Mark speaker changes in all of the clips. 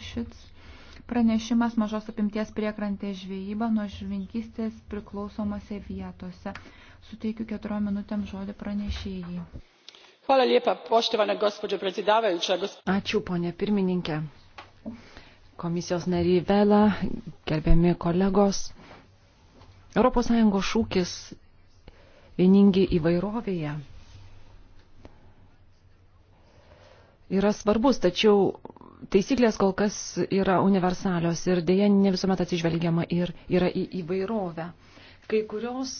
Speaker 1: Šits pranešimas mažos apimties priekrantės žvejyba nuo žvinkystės priklausomose vietose. Suteikiu keturiom minutėm žodį pranešėjai.
Speaker 2: Ačiū, ponė pirmininkė. Komisijos nariai Vela, gerbiami kolegos. ES šūkis vieningi įvairovėje yra svarbus, tačiau taisyklės kol kas yra universalios ir dėja ne visuomet atsižvelgiama ir yra į įvairovę. Kai kurios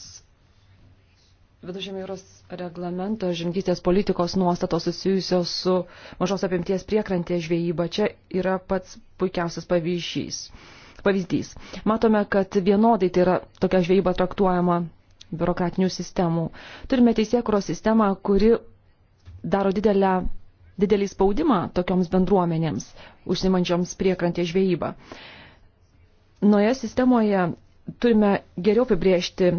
Speaker 2: Vidužėmio jūros reglamento žemdytės politikos nuostatos susijusios su mažos apimties priekrantės žvejyba čia yra pats puikiausias pavyzdys. pavyzdys. Matome, kad vienodai tai yra tokia žvejyba traktuojama biurokratinių sistemų. Turime teisėkuros sistemą, kuri daro didelę didelį spaudimą tokioms bendruomenėms, užsimančioms priekrantė žvejybą. Noje sistemoje turime geriau apibriežti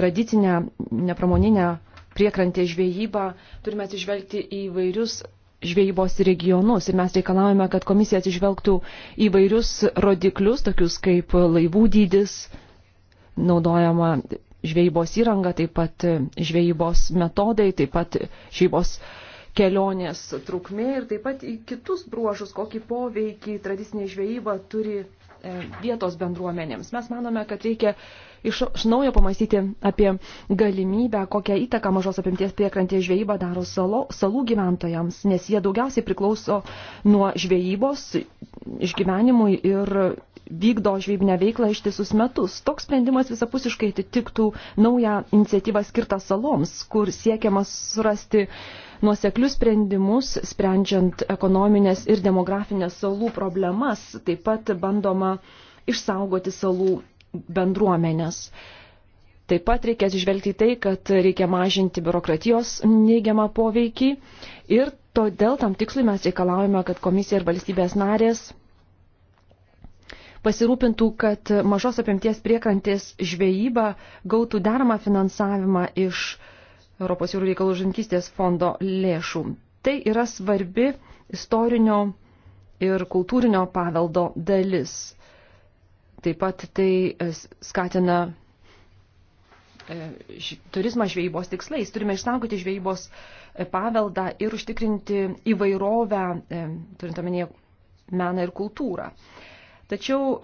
Speaker 2: tradicinę nepramoninę priekrantė žvejybą, turime atsižvelgti į vairius žvejybos regionus ir mes reikalavome, kad komisija atsižvelgtų į vairius rodiklius, tokius kaip laivų dydis, naudojama žvejybos įranga, taip pat žvejybos metodai, taip pat žvejybos uh, kelionės trukmė ir taip pat į kitus bruožus, kokį poveikį tradicinė žvejyba turi e, vietos bendruomenėms. Mes manome, kad reikia iš naujo pamastyti apie galimybę, kokią įtaką mažos apimties priekrantės žvejyba daro salo, salų gyventojams, nes jie daugiausiai priklauso nuo žvejybos išgyvenimui ir vykdo žvejybinę veiklą ištisus metus. Toks sprendimas visapusiškai atitiktų naują iniciatyvą skirtą saloms, kur siekiamas surasti uh, nuoseklius sprendimus, sprendžiant ekonominės ir demografinės salų problemas, taip pat bandoma išsaugoti salų bendruomenės. Taip pat reikia atsižvelgti į tai, kad reikia mažinti biurokratijos neigiamą poveikį ir todėl tam tikslui mes reikalaujame, kad komisija ir valstybės narės pasirūpintų, kad mažos apimties priekrantės žvejyba gautų deramą finansavimą iš Europos jūrų reikalų žankystės fondo lėšų. Tai yra svarbi istorinio ir kultūrinio paveldo dalis. Taip pat tai e, skatina e, turizmą žvejybos tikslais. Turime išsaugoti žvejybos e, paveldą ir užtikrinti įvairovę, turint omenyje meną ir kultūrą. Tačiau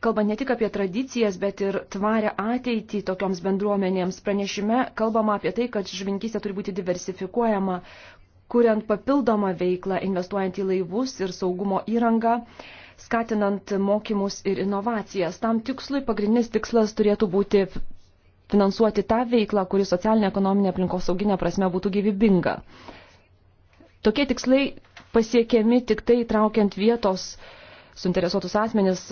Speaker 2: kalba ne tik apie tradicijas, bet ir tvarę ateitį tokioms bendruomenėms. Pranešime kalbama apie tai, kad žvinkystė turi būti diversifikuojama, kuriant papildomą veiklą, investuojant į laivus ir saugumo įrangą, skatinant mokymus ir inovacijas. Tam tikslui pagrindinis tikslas turėtų būti finansuoti tą veiklą, kuri socialinė, ekonominė, aplinkosauginė prasme būtų gyvybinga. Tokie tikslai pasiekiami tik tai traukiant vietos uh, suinteresuotus asmenis,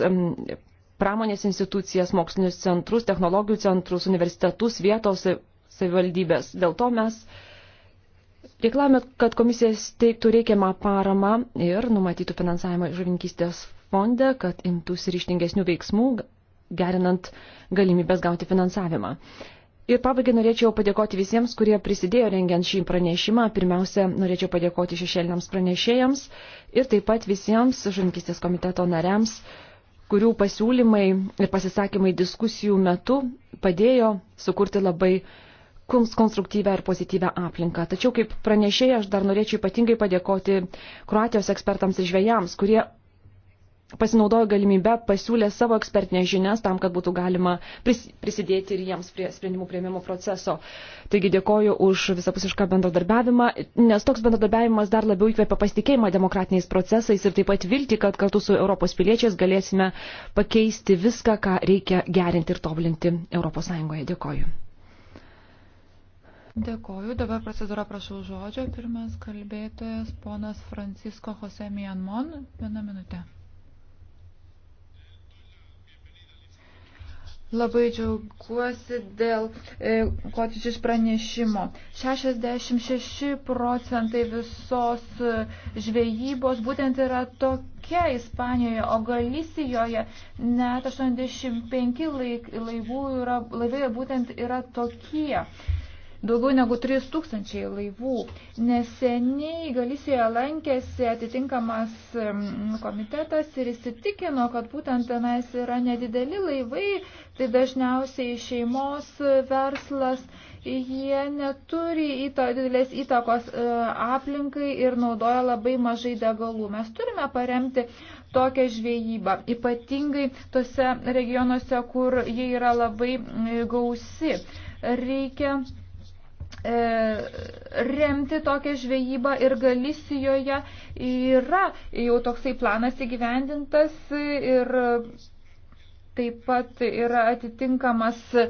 Speaker 2: pramonės institucijas, mokslinius centrus, technologijų centrus, universitetus, vietos e, savivaldybės. Dėl to mes reikalavome, kad komisija teiktų reikiamą paramą ir numatytų finansavimą žuvininkystės fonde, kad imtųsi ryštingesnių veiksmų, gerinant galimybės gauti finansavimą. Ir pabaigai norėčiau padėkoti visiems, kurie prisidėjo rengiant šį pranešimą. Pirmiausia, norėčiau padėkoti šešėliniams pranešėjams ir taip pat visiems žankistės komiteto nariams, kurių pasiūlymai ir pasisakymai diskusijų metu padėjo sukurti labai konstruktyvę ir pozityvę aplinką. Tačiau kaip pranešėja aš dar norėčiau ypatingai padėkoti Kroatijos ekspertams ir žvėjams, kurie pasinaudojo galimybę, pasiūlė savo ekspertinės žinias tam, kad būtų galima prisidėti ir jiems prie sprendimų prieimimo proceso. Taigi dėkoju už visapusišką bendradarbiavimą, nes toks bendradarbiavimas dar labiau įkvėpia pasitikėjimą demokratiniais procesais ir taip pat vilti, kad kartu su Europos piliečiais galėsime pakeisti viską, ką reikia gerinti ir tobulinti Europos Sąjungoje. Dėkoju.
Speaker 1: Dėkoju. Dabar procedūra prašau žodžio. Pirmas kalbėtojas ponas Francisko Jose Mianmon. Vieną minutę. Labai džiaugiuosi dėl e, kotičius pranešimo. 66 procentai visos e, žvejybos būtent yra tokia Ispanijoje, o Galisijoje net 85 laivų yra, laivai būtent yra tokie daugiau negu 3 tūkstančiai laivų. Neseniai Galisijoje lankėsi atitinkamas komitetas ir įsitikino, kad būtent tenais yra nedideli laivai, tai dažniausiai šeimos verslas, jie neturi įto, didelės įtakos e, aplinkai ir naudoja labai mažai degalų. Mes turime paremti tokią žvejybą, ypatingai tose regionuose, kur jie yra labai e, gausi. Reikia E, remti tokią žvejybą ir Galisijoje yra jau toksai planas įgyvendintas ir taip pat yra atitinkamas e,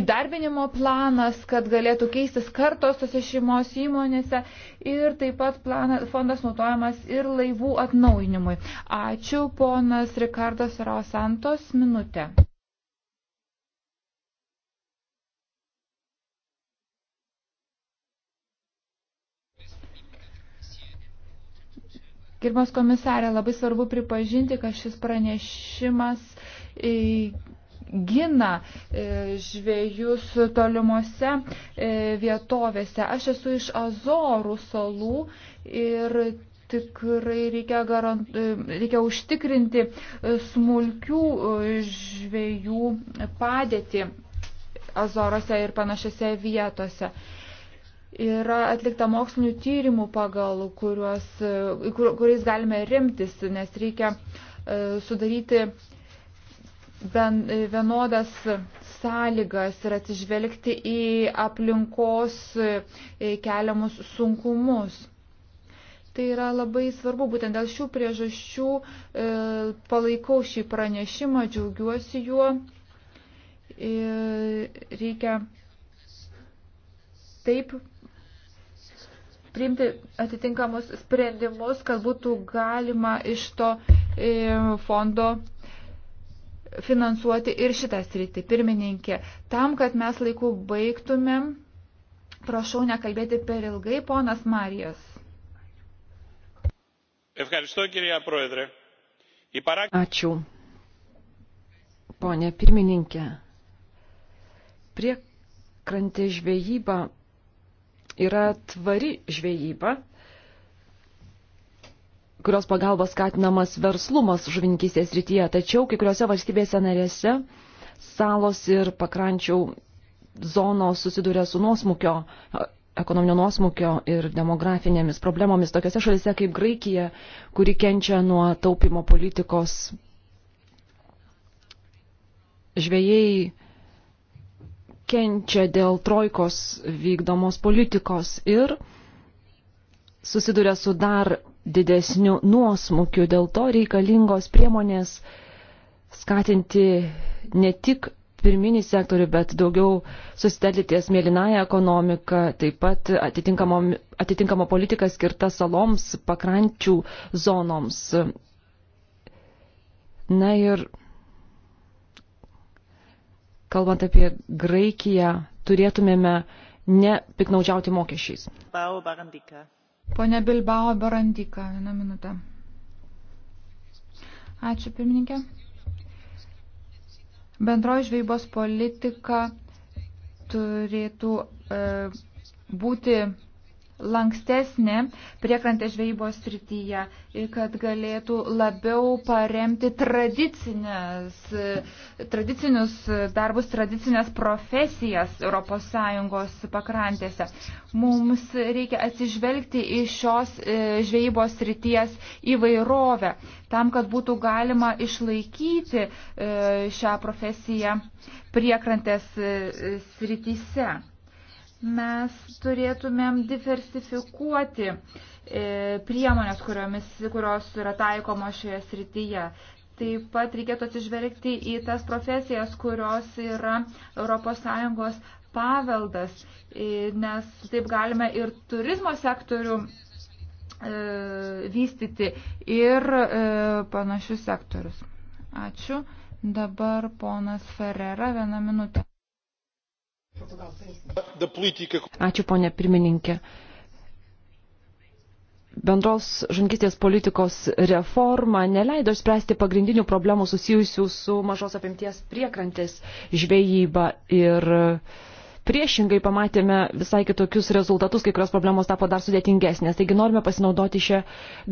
Speaker 1: įdarbinimo planas, kad galėtų keistis kartos tose šeimos įmonėse ir taip pat planas, fondas naudojamas ir laivų atnaujinimui. Ačiū ponas Rikardas Rosantos minutė. Gerbiamas komisarė, labai svarbu pripažinti, kad šis pranešimas e, gina e, žvėjus tolimuose e, vietovėse. Aš esu iš Azorų salų ir tikrai reikia, garant, reikia užtikrinti smulkių žvėjų padėtį Azorose ir panašiose vietose yra atlikta mokslinių tyrimų, pagal kuriuos, kur, kuriais galime rimtis, nes reikia e, sudaryti ben, vienodas sąlygas ir atsižvelgti į aplinkos e, keliamus sunkumus. Tai yra labai svarbu, būtent dėl šių priežasčių e, palaikau šį pranešimą, džiaugiuosi juo. E, reikia taip priimti atitinkamus sprendimus, kad būtų galima iš to e, fondo finansuoti ir šitą sritį. Pirmininkė, tam, kad mes laiku baigtumėm, prašau nekalbėti per ilgai, ponas Marijas.
Speaker 2: Ačiū. Pone pirmininkė, prie krantė žvejyba yra tvari žvejyba, kurios pagalba skatinamas verslumas žuvininkystės rytyje. Tačiau kai kuriuose valstybėse narėse salos ir pakrančių zonos susiduria su nuosmukio, ekonominio nuosmukio ir demografinėmis problemomis tokiose šalise kaip Graikija, kuri kenčia nuo taupimo politikos. Žvėjai kenčia dėl trojkos vykdomos politikos ir susiduria su dar didesniu nuosmukiu. Dėl to reikalingos priemonės skatinti ne tik pirminį sektorių, bet daugiau susitelti ties mėlynąją ekonomiką, taip pat atitinkama politika skirta saloms, pakrančių zonoms. Na ir kalbant apie Graikiją, turėtumėme nepiknaudžiauti mokesčiais.
Speaker 1: Pone Bilbao Barandika, vieną minutę. Ačiū, pirmininkė. Bendroji žvejybos politika turėtų e, būti lankstesnė priekrantės žvejybos srityje, kad galėtų labiau paremti tradicinius darbus, tradicinės profesijas ES pakrantėse. Mums reikia atsižvelgti į šios e, žvejybos srities įvairovę, tam, kad būtų galima išlaikyti e, šią profesiją priekrantės e, srityse mes turėtumėm diversifikuoti e, priemonės, kuriomis, kurios yra taikomos šioje srityje. Taip pat reikėtų atsižvelgti į tas profesijas, kurios yra ES paveldas, e, nes taip galime ir turizmo sektorių e, vystyti ir panašius sektorius. Ačiū. Dabar ponas Ferrera, vieną minutę.
Speaker 2: Ačiū, ponė pirmininkė. Bendros žankistės politikos reforma neleido išspręsti pagrindinių problemų susijusių su mažos apimties priekrantės žvejyba ir priešingai pamatėme visai kitokius rezultatus, kai kurios problemos tapo dar sudėtingesnės. Taigi norime pasinaudoti šią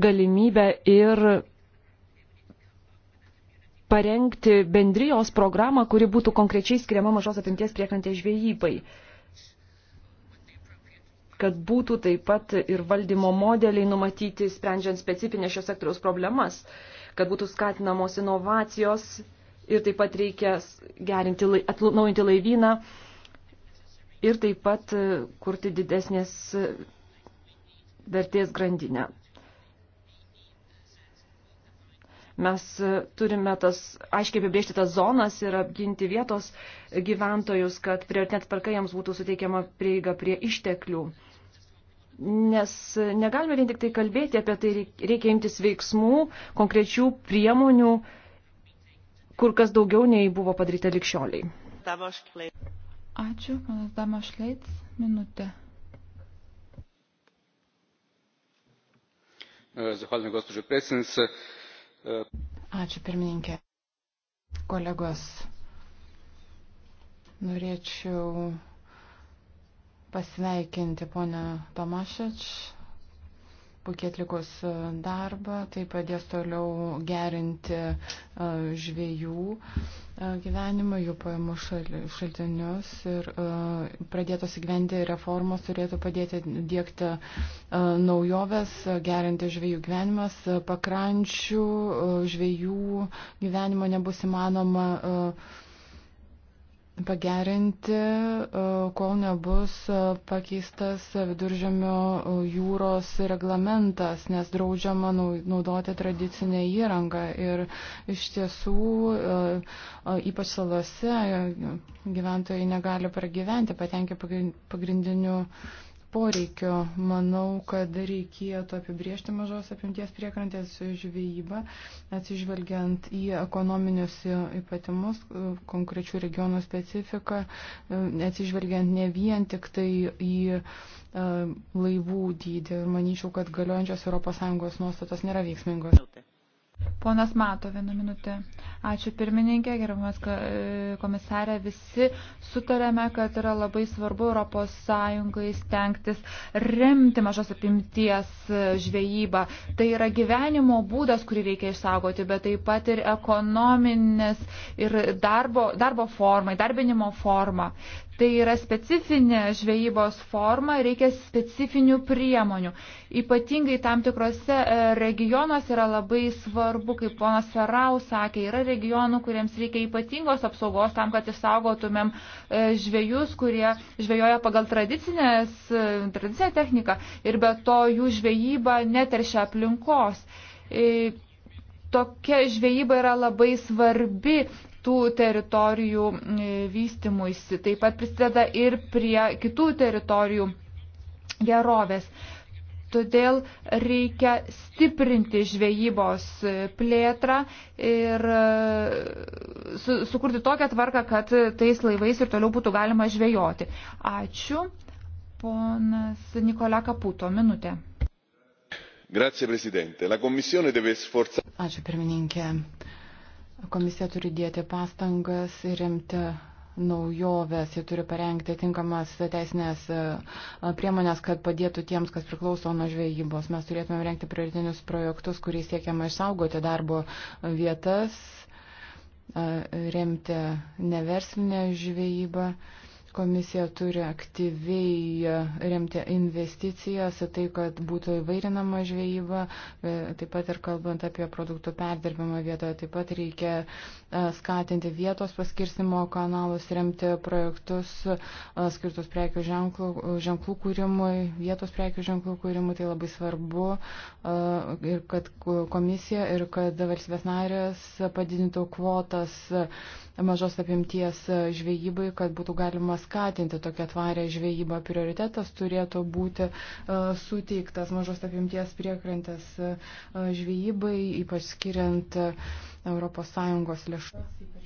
Speaker 2: galimybę ir parengti bendrijos programą, kuri būtų konkrečiai skiriama mažos apimties priekrantės žvejybai. Kad būtų taip pat ir valdymo modeliai numatyti, sprendžiant specifinės šios sektoriaus problemas, kad būtų skatinamos inovacijos ir taip pat reikia gerinti, atnaujinti laivyną ir taip pat e, kurti didesnės e, vertės grandinę. Mes e, turime tas, aiškiai apibriežti tas zonas ir apginti vietos gyventojus, kad prioritet tvarka jiems būtų suteikiama prieiga prie išteklių. Nes e, negalime vien tik tai kalbėti apie tai, reikia imtis veiksmų, konkrečių priemonių, kur kas daugiau nei buvo padaryta likščioliai.
Speaker 1: Ačiū, panas Damašleits, minutė.
Speaker 2: Zahvaljujem, gospođo
Speaker 1: predsjednice
Speaker 3: Ačiū pirmininkė. Kolegos, norėčiau pasveikinti ponę Tomašič puikiai atlikus e, darbą, tai padės toliau gerinti e, žviejų e, gyvenimą, jų pajamų šaltinius ir pradėtos įgyventi reformos turėtų padėti dėkti naujoves, gerinti žviejų gyvenimas, pakrančių žviejų gyvenimo nebus įmanoma pagerinti, e, kol nebus e, pakeistas viduržėmio e, jūros reglamentas, nes draudžiama naudoti tradicinę įrangą. Ir iš tiesų, ypač salose, gyventojai negali pragyventi, patenkia pagrindinių poreikio. Manau, kad reikėtų apibriežti mažos apimties priekrantės žvejybą, atsižvelgiant į ekonominius ypatimus, konkrečių regionų specifiką, atsižvelgiant ne vien tik tai į e, laivų dydį. Ir manyčiau, kad galiojančios ES nuostatos nėra veiksmingos. Minutė.
Speaker 1: Ponas Mato, vieną minutę. Ačiū pirmininkė, gerbiamas e, komisarė. Visi sutarėme, kad yra labai svarbu ES stengtis remti mažos apimties e, žvejybą. Tai yra gyvenimo būdas, kurį reikia išsaugoti, bet taip pat ir ekonominės ir darbo, darbo forma, darbinimo forma. Tai yra specifinė žvejybos forma, reikia specifinių priemonių. Ypatingai tam tikrose e, regionuose yra labai svarbu, kaip ponas Ferau sakė, yra regionų, kuriems reikia ypatingos apsaugos tam, kad išsaugotumėm e, žvėjus, kurie žvejoja pagal e, tradicinę techniką ir be to jų žvejyba neteršia aplinkos tokia žvejyba yra labai svarbi tų teritorijų vystimuisi. Taip pat prisideda ir prie kitų teritorijų gerovės. Todėl reikia stiprinti žvejybos plėtrą ir e, su, sukurti tokią tvarką, kad tais laivais ir toliau būtų galima žvejoti. Ačiū. Ponas Nikola Kaputo, minutė.
Speaker 2: Grazie, Presidente. La Commissione
Speaker 3: deve sforzarsi. Ačiū, pirmininkė. Komisija turi dėti pastangas ir remti naujoves, jie turi parengti tinkamas teisinės e, priemonės, kad padėtų tiems, kas priklauso nuo žvejybos. Mes turėtume rengti prioritinius projektus, kuriais siekiama išsaugoti darbo vietas, e, remti neverslinę žvejybą. Komisija turi aktyviai e, remti investicijas, tai kad būtų įvairinama žvejyba, e, taip pat ir kalbant apie produktų perdirbimą vietoje, taip pat reikia e, skatinti vietos paskirstimo kanalus, remti projektus skirtus prekių ženklų, ženklų kūrimui, vietos prekių ženklų kūrimui, tai labai svarbu ir kad komisija ir kad valstybės narės padidintų kvotas mažos apimties žvejybai, kad būtų galima skatinti tokią tvarę žvejybą. Prioritetas turėtų būti e, suteiktas mažos apimties priekrantės e, žvejybai, ypač skiriant ES lėšas,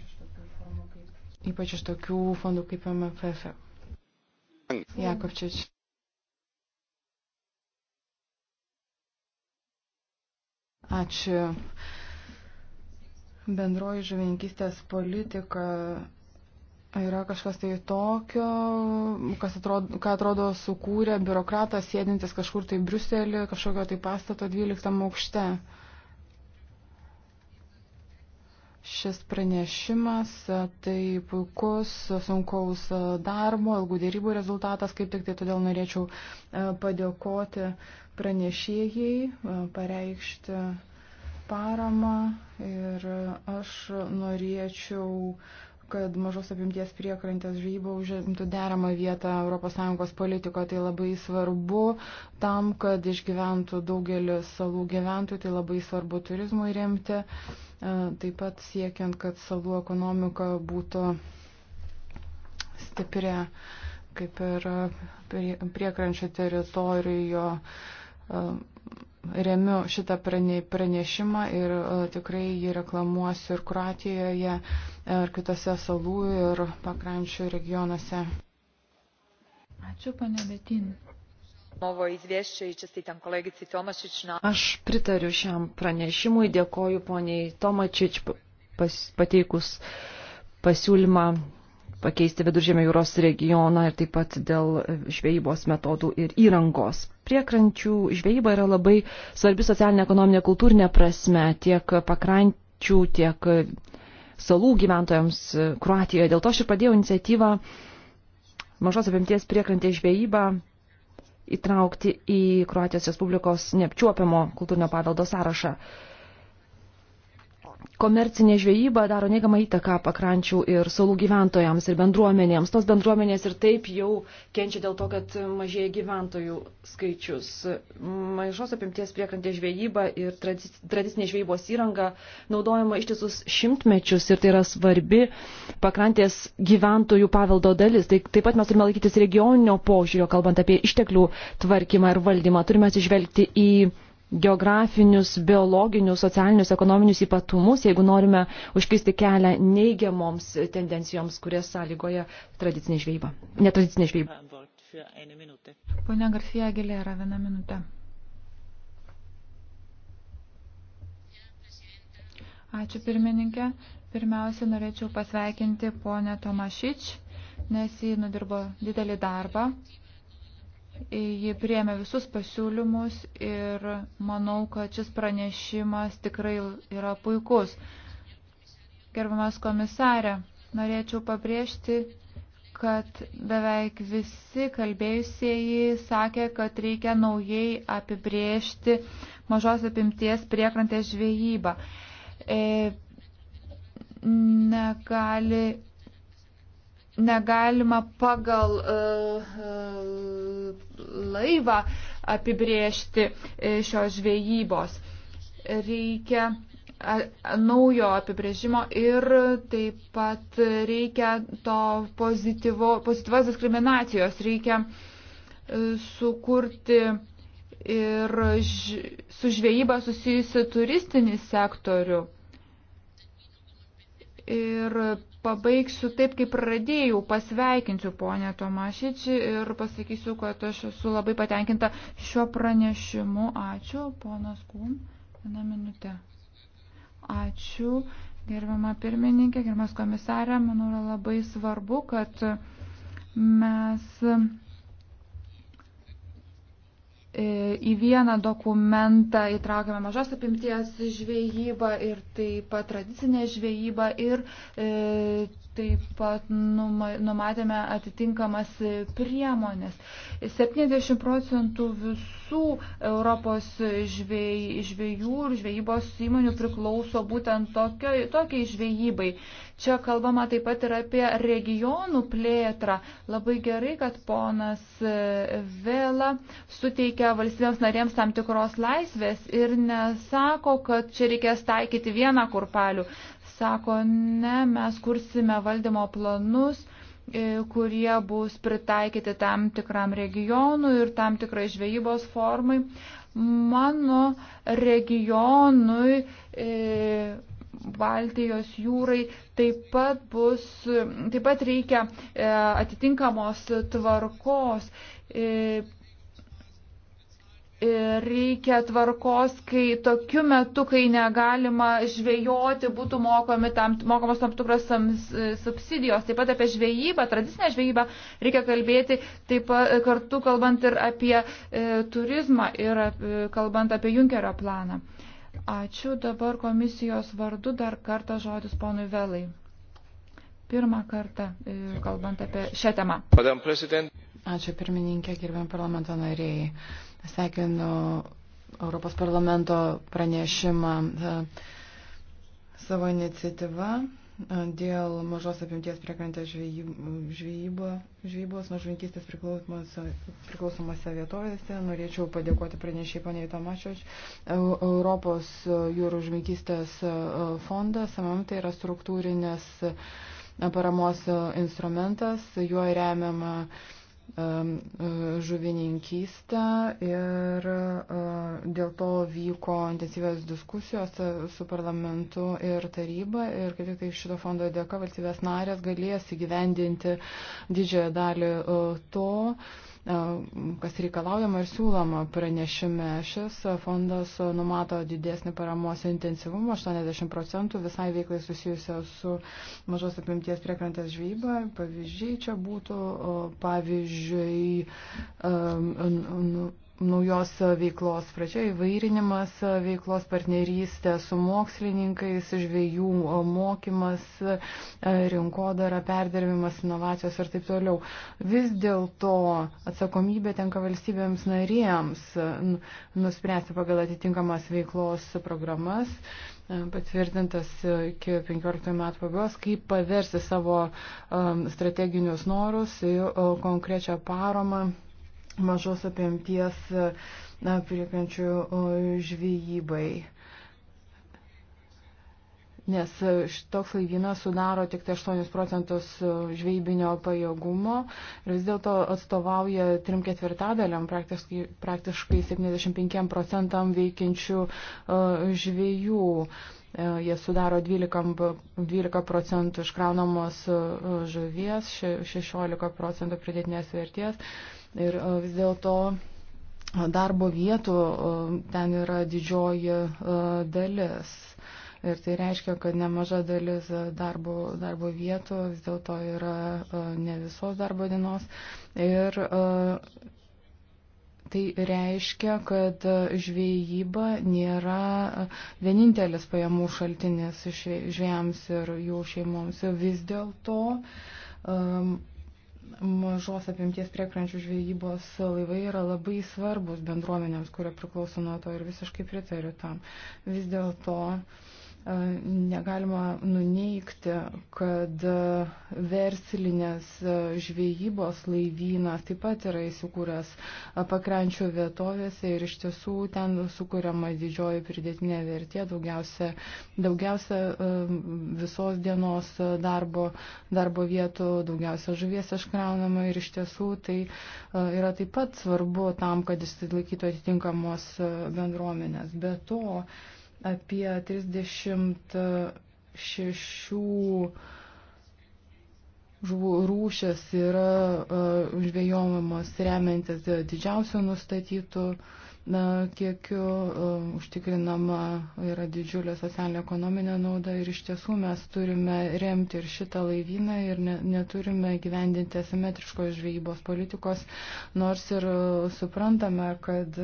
Speaker 3: ypač iš tokių fondų kaip MFF. Jakovčič. Ačiū bendroji žuvininkystės politika Yra kažkas tai tokio, kas atrodo, ką atrodo sukūrė biurokratas sėdintis kažkur tai Briuselį, kažkokio tai pastato 12 aukšte. Šis pranešimas tai puikus, sunkaus darbo, ilgų dėrybų rezultatas, kaip tik tai todėl norėčiau e, padėkoti pranešėjai, e, pareikšti paramą ir aš norėčiau uh, kad mažos apimties priekrantės žvejyba užimtų deramą vietą ES politiko. Tai labai svarbu tam, kad išgyventų daugelis salų gyventojų, tai labai svarbu turizmui remti, e, taip pat siekiant, kad salų ekonomika būtų stipri, kaip ir priekrančio teritorijoje remiu šitą pranešimą ir e, tikrai jį reklamuosiu ir Kroatijoje, e, ir kitose salų ir pakrančių regionuose. Ačiū, pane Betin.
Speaker 2: Aš pritariu šiam pranešimui, dėkoju poniai Tomačič pateikus pasiūlymą pakeisti viduržėmio jūros regioną ir taip pat dėl žvejybos metodų ir įrangos. Priekrančių žvejyba yra labai svarbi socialinė, ekonominė, kultūrinė prasme tiek pakrančių, tiek salų gyventojams Kroatijoje. Dėl to aš ir padėjau iniciatyvą mažos apimties priekrantės žvejybą įtraukti į Kroatijos Respublikos neapčiuopiamo kultūrinio paveldo sąrašą komercinė žvejyba daro neigiamą įtaką pakrančių ir salų gyventojams ir bendruomenėms. Tos bendruomenės ir taip jau kenčia dėl to, kad mažėja gyventojų skaičius. Mažos apimties priekrantė žvejyba ir tradicinė žvejybos įranga naudojama ištisus šimtmečius ir tai yra svarbi pakrantės gyventojų paveldo dalis. Tai, taip pat mes turime laikytis regioninio požiūrio, kalbant apie išteklių tvarkymą ir valdymą. Turime atsižvelgti į geografinius, biologinius, socialinius, ekonominius ypatumus, jeigu norime užkisti kelią neigiamoms tendencijoms, kurias sąlygoja tradicinė žvejyba. Netradicinė žvejyba.
Speaker 1: Pone Garfija Gilera, vieną minutę. Ačiū pirmininkė. Pirmiausia, norėčiau pasveikinti ponę Tomašič, nes jį nudirbo didelį darbą. Ji priemė visus pasiūlymus ir manau, kad šis pranešimas tikrai yra puikus. Gerbamas komisarė, norėčiau pabrėžti, kad beveik visi kalbėjusieji sakė, kad reikia naujai apibrėžti mažos apimties priekrantės žvejybą. E, negali negalima pagal uh, laivą apibriežti e, šios žvejybos. Reikia naujo apibrėžimo ir taip pat reikia to pozityvo, pozityvos diskriminacijos, reikia sukurti ir ž, su žvejyba susijusi turistinį sektorių ir pabaigsiu taip, kaip pradėjau, pasveikinsiu ponę Tomašičį ir pasakysiu, kad aš esu labai patenkinta šiuo pranešimu. Ačiū, ponas Kūn, vieną minutę. Ačiū, gerbiama pirmininkė, gerbiamas komisarė, manau, yra labai svarbu, kad mes į vieną dokumentą įtraukiame mažos apimties žvejybą ir taip pat tradicinę žvejybą ir e, Taip pat numatėme atitinkamas priemonės. 70 procentų visų Europos žvėj, žvėjų ir žvėjybos įmonių priklauso būtent tokiai, tokiai žvėjybai. Čia kalbama taip pat ir apie regionų plėtrą. Labai gerai, kad ponas Vela suteikia valstybėms narėms tam tikros laisvės ir nesako, kad čia reikės taikyti vieną kurpalių sako, ne, mes kursime valdymo planus e, kurie bus pritaikyti tam tikram regionui ir tam tikrai žvejybos formai. Mano regionui e, Baltijos jūrai taip pat bus, taip pat reikia e, atitinkamos tvarkos reikia tvarkos, kai tokiu metu, kai negalima žvejoti, būtų tam, mokamos tam tikros subsidijos. Taip pat apie žvejybą, tradicinę žvejybą reikia kalbėti, taip pat kartu kalbant ir apie e, turizmą ir e, kalbant apie Junkerio planą. Ačiū dabar komisijos vardu dar kartą žodis ponui Velai. Pirmą
Speaker 3: kartą e, kalbant apie šią temą. Ačiū pirmininkė, gerbėm parlamento nariai. Sveikinu Europos parlamento pranešimą e, savo iniciatyvą e, dėl mažos apimties priekrantės žvejybo, žvejybos nuo žvinkistės priklausomose vietovėse. Norėčiau padėkoti pranešiai poniai Tomašioč. Europos jūrų žvinkistės e, fondas, samam tai yra struktūrinės paramos instrumentas, juo remiama E, žuvininkystę ir e, dėl to vyko intensyvios diskusijos e, su parlamentu ir taryba ir kaip tik tai šito fondo dėka valstybės narės galės įgyvendinti didžiąją dalį to, kas reikalaujama ir siūloma pranešime. Šis fondas numato didesnį paramos intensyvumą, 80 procentų visai veiklai susijusio su mažos apimties priekrantės žvyba. Pavyzdžiai čia būtų, pavyzdžiui, naujos veiklos pradžia įvairinimas veiklos partnerystė su mokslininkais, žvėjų mokymas, rinkodara, perdirbimas, inovacijos ir taip toliau. Vis dėlto atsakomybė tenka valstybėms narėms nuspręsti pagal atitinkamas veiklos programas patvirtintas iki 15 metų pabaigos, kaip paversti savo um, strateginius norus į konkrečią paromą mažos apimties priekančių žvejybai nes e, šitoks laivynas sudaro tik 8 tai procentus e, žvejybinio pajėgumo ir vis dėlto atstovauja trim ketvirtadaliam, praktiškai, praktiškai 75 procentam veikiančių e, žvėjų. Jie sudaro 12, 12 procentų iškraunamos žuvies, 16 procentų pridėtinės vertės. Ir e, vis dėlto e, darbo vietų e, ten yra didžioji dalis. Ir tai reiškia, kad nemaža dalis darbo, darbo vietų vis dėlto yra ne visos darbo dienos. Ir tai reiškia, kad žvėjyba nėra vienintelis pajamų šaltinis žvėjams ir jų šeimoms. Vis dėlto mažos apimties priekrančių žvejybos laivai yra labai svarbus bendruomenėms, kurie priklauso nuo to ir visiškai pritariu tam. Vis dėlto e, negalima nuneikti, kad e, verslinės e, žvejybos laivynas taip pat yra įsikūręs pakrančių vietovėse ir iš tiesų ten sukūriama didžioji pridėtinė vertė, daugiausia, daugiausia visos dienos darbo, darbo vietų, daugiausia žuvies iškant kraunama ir iš tiesų tai e, yra taip pat svarbu tam, kad jis laikytų atitinkamos e, bendruomenės. Be to, apie 36 žuvų rūšės yra e, žvėjomamos remiantis didžiausio nustatytų uh, na, kiekiu e, užtikrinama yra didžiulė socialinė ekonominė nauda ir iš tiesų mes turime remti ir šitą laivyną ir ne, neturime gyvendinti asimetriškos žvejybos politikos, nors ir e, suprantame, kad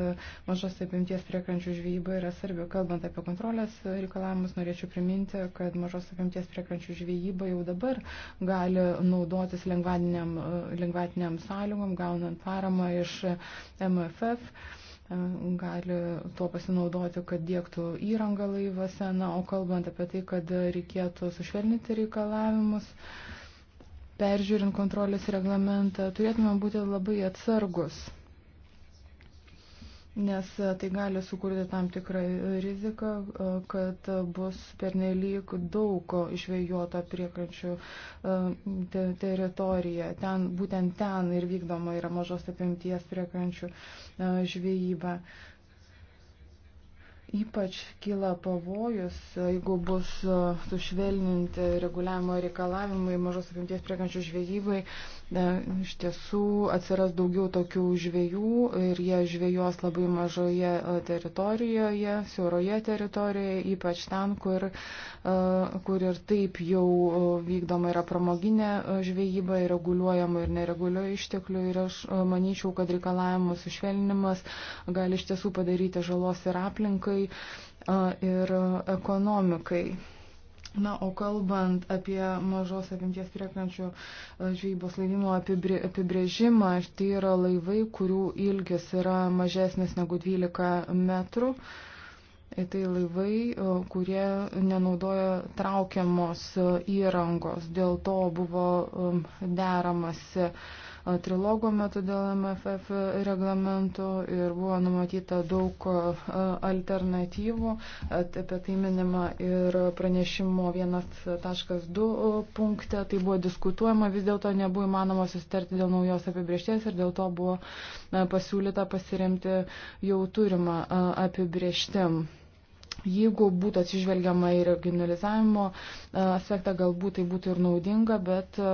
Speaker 3: mažos apimties priekrančių žvejyba yra svarbi. Kalbant apie kontrolės reikalavimus, norėčiau priminti, kad mažos apimties priekrančių žvejyba jau dabar gali naudotis lengvatiniam, e, lengvatiniam sąlygom, gaunant paramą iš MFF E, gali tuo pasinaudoti, kad dėktų įrangą laivose. Na, o kalbant apie tai, kad reikėtų sušvelninti reikalavimus, peržiūrint kontrolės reglamentą, turėtume būti labai atsargus nes e, tai gali sukurti tam tikrą e, riziką, e, kad bus pernelyg daug išvėjota priekrančių teritorija. Ten, būtent ten ir vykdoma yra mažos apimties priekrančių žvejyba. Ypač kyla pavojus, jeigu bus sušvelninti reguliavimo reikalavimai mažos apimties priekančių žvejybai, iš tiesų atsiras daugiau tokių žvėjų ir jie žvėjos labai mažoje e, teritorijoje, siauroje teritorijoje, ypač ten, kur, e, kur ir taip jau e, vykdoma yra pramoginė žvejyba, reguliuojama ir nereguliuoja išteklių ir aš manyčiau, kad reikalavimų sušvelninimas gali iš tiesų padaryti žalos ir aplinkai verslui ir ekonomikai. Na, o kalbant apie mažos apimties priekrančių žvejybos laivynų apibrėžimą, tai yra laivai, kurių ilgis yra mažesnis negu 12 metrų. E, tai laivai, kurie nenaudoja traukiamos įrangos. Dėl to buvo deramasi trilogo metu dėl MFF reglamento ir buvo numatyta daug alternatyvų. Apie tai minima ir pranešimo 1.2 punkte. Tai buvo diskutuojama, vis dėlto nebuvo įmanoma susitarti dėl naujos apibriešties ir dėl to buvo pasiūlyta pasiremti jau turimą apibrieštim. Jeigu būtų atsižvelgiama į regionalizavimo e, aspektą, galbūt tai būtų ir naudinga, bet e,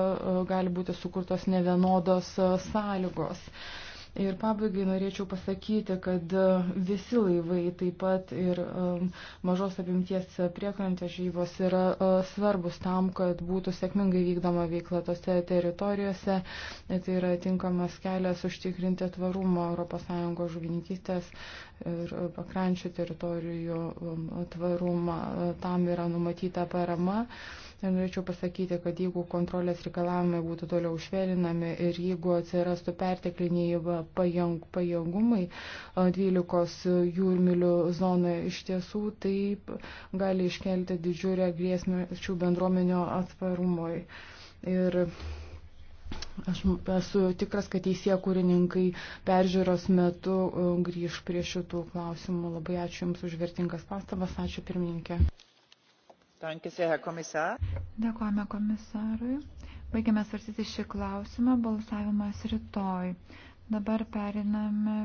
Speaker 3: gali būti sukurtos nevienodos e, sąlygos. Uh, Ir pabaigai norėčiau pasakyti, kad e, visi laivai, taip pat ir e, mažos apimties priekrantės žyvos yra e, svarbus tam, kad būtų sėkmingai vykdoma veikla tose teritorijose. Tai yra tinkamas kelias užtikrinti tvarumą ES žuvininkystės ir pakrančių teritorijų tvarumą. Tam yra numatyta parama. Norėčiau pasakyti, kad jeigu kontrolės reikalavimai būtų toliau švelinami ir jeigu atsirastų pertekliniai pajėgumai 12 jūrmilių zonoje, iš tiesų taip gali iškelti didžiulę grėsmę šių bendruomenio atsparumui. Ir aš esu tikras, kad teisė kūrininkai peržiūros metu grįž prie šitų klausimų. Labai ačiū Jums už vertingas pastabas. Ačiū pirmininkė. Dėkojame
Speaker 1: komisarui. Baigiame svarstyti šį klausimą. Balsavimas rytoj. Dabar periname